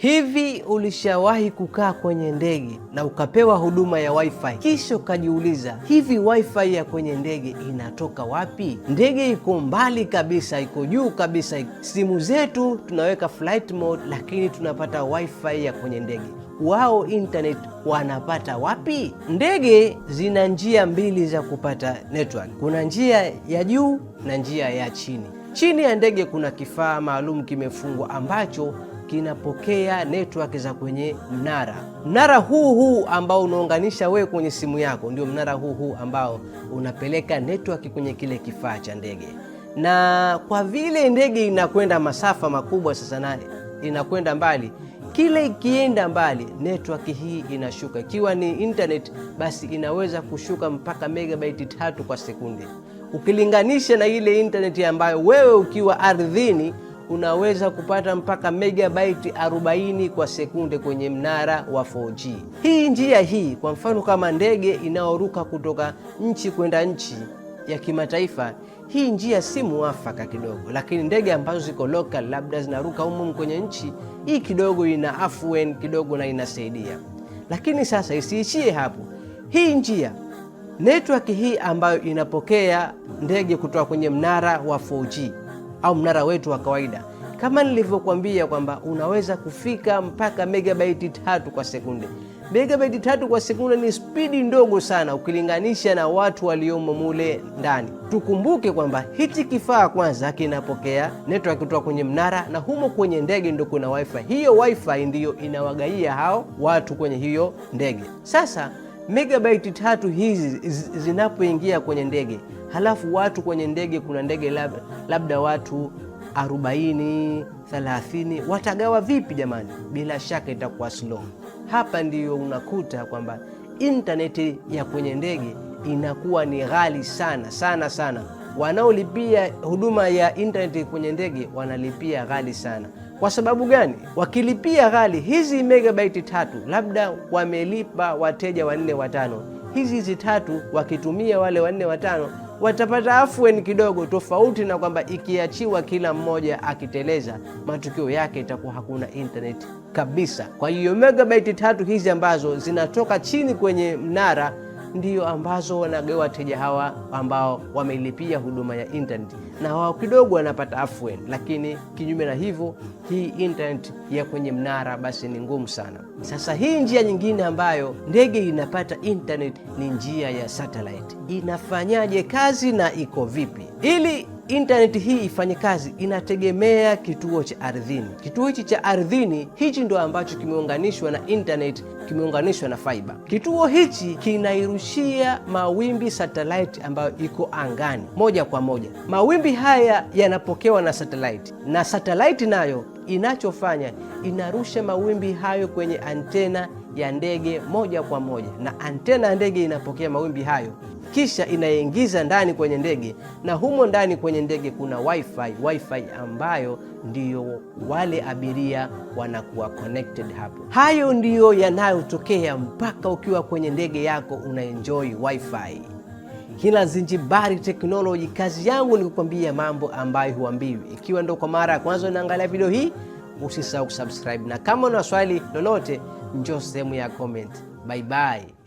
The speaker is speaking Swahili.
Hivi ulishawahi kukaa kwenye ndege na ukapewa huduma ya wifi, kisha ukajiuliza, hivi wifi ya kwenye ndege inatoka wapi? Ndege iko mbali kabisa, iko juu kabisa. Simu zetu tunaweka flight mode, lakini tunapata wifi ya kwenye ndege. Wao internet wanapata wapi? Ndege zina njia mbili za kupata network, kuna njia ya juu na njia ya chini. Chini ya ndege kuna kifaa maalum kimefungwa ambacho kinapokea network za kwenye mnara. Mnara huu huu ambao unaunganisha wewe kwenye simu yako ndio mnara huu huu ambao unapeleka network kwenye kile kifaa cha ndege, na kwa vile ndege inakwenda masafa makubwa sasa, na inakwenda mbali, kile ikienda mbali network hii inashuka. Ikiwa ni internet, basi inaweza kushuka mpaka megabaiti tatu kwa sekunde ukilinganisha na ile intaneti ambayo wewe ukiwa ardhini unaweza kupata mpaka megabaiti 40 kwa sekunde kwenye mnara wa 4G. Hii njia hii, kwa mfano kama ndege inayoruka kutoka nchi kwenda nchi ya kimataifa, hii njia si muafaka kidogo, lakini ndege ambazo ziko local, labda zinaruka humu kwenye nchi hii, kidogo ina afuen kidogo na inasaidia. Lakini sasa isiishie hapo, hii njia Network hii ambayo inapokea ndege kutoka kwenye mnara wa 4G au mnara wetu wa kawaida, kama nilivyokuambia kwamba unaweza kufika mpaka megabaiti tatu kwa sekunde. Megabaiti tatu kwa sekunde ni spidi ndogo sana ukilinganisha na watu waliomo mule ndani. Tukumbuke kwamba hichi kifaa kwanza kinapokea network kutoka kwenye mnara, na humo kwenye ndege ndo kuna wifi. Hiyo wifi ndiyo inawagaia hao watu kwenye hiyo ndege sasa megabaiti tatu hizi zinapoingia kwenye ndege, halafu watu kwenye ndege, kuna ndege lab, labda watu 40 30, watagawa vipi jamani? Bila shaka itakuwa slow. Hapa ndiyo unakuta kwamba intaneti ya kwenye ndege inakuwa ni ghali sana sana sana. Wanaolipia huduma ya intaneti kwenye ndege wanalipia ghali sana. Kwa sababu gani? Wakilipia ghali hizi megabaiti tatu, labda wamelipa wateja wanne watano, hizi hizi tatu wakitumia wale wanne watano watapata afueni kidogo, tofauti na kwamba ikiachiwa kila mmoja akiteleza, matukio yake itakuwa hakuna intaneti kabisa. Kwa hiyo megabaiti tatu hizi ambazo zinatoka chini kwenye mnara ndio ambazo wanagawa wateja hawa ambao wameilipia huduma ya intaneti, na wao kidogo wanapata afueni, lakini kinyume na hivyo hii intaneti ya kwenye mnara basi ni ngumu sana. Sasa hii njia nyingine ambayo ndege inapata intaneti ni njia ya satelit Inafanyaje kazi na iko vipi ili intaneti hii ifanye kazi inategemea kituo cha ardhini. Kituo hichi cha ardhini hichi ndo ambacho kimeunganishwa na intaneti, kimeunganishwa na faiba Kituo hichi kinairushia mawimbi satelaiti ambayo iko angani moja kwa moja. Mawimbi haya yanapokewa na satelaiti na satelaiti nayo inachofanya inarusha mawimbi hayo kwenye antena ya ndege moja kwa moja, na antena ya ndege inapokea mawimbi hayo kisha inaingiza ndani kwenye ndege, na humo ndani kwenye ndege kuna wifi, wifi ambayo ndiyo wale abiria wanakuwa connected hapo. Hayo ndiyo yanayotokea mpaka ukiwa kwenye ndege yako unaenjoy wifi. Hila Zinjibari Technology, kazi yangu ni kukwambia mambo ambayo huambiwi. Ikiwa ndo kwa mara ya kwanza unaangalia video hii, usisahau kusubscribe, na kama una swali lolote, njoo sehemu ya comment. Bye bye.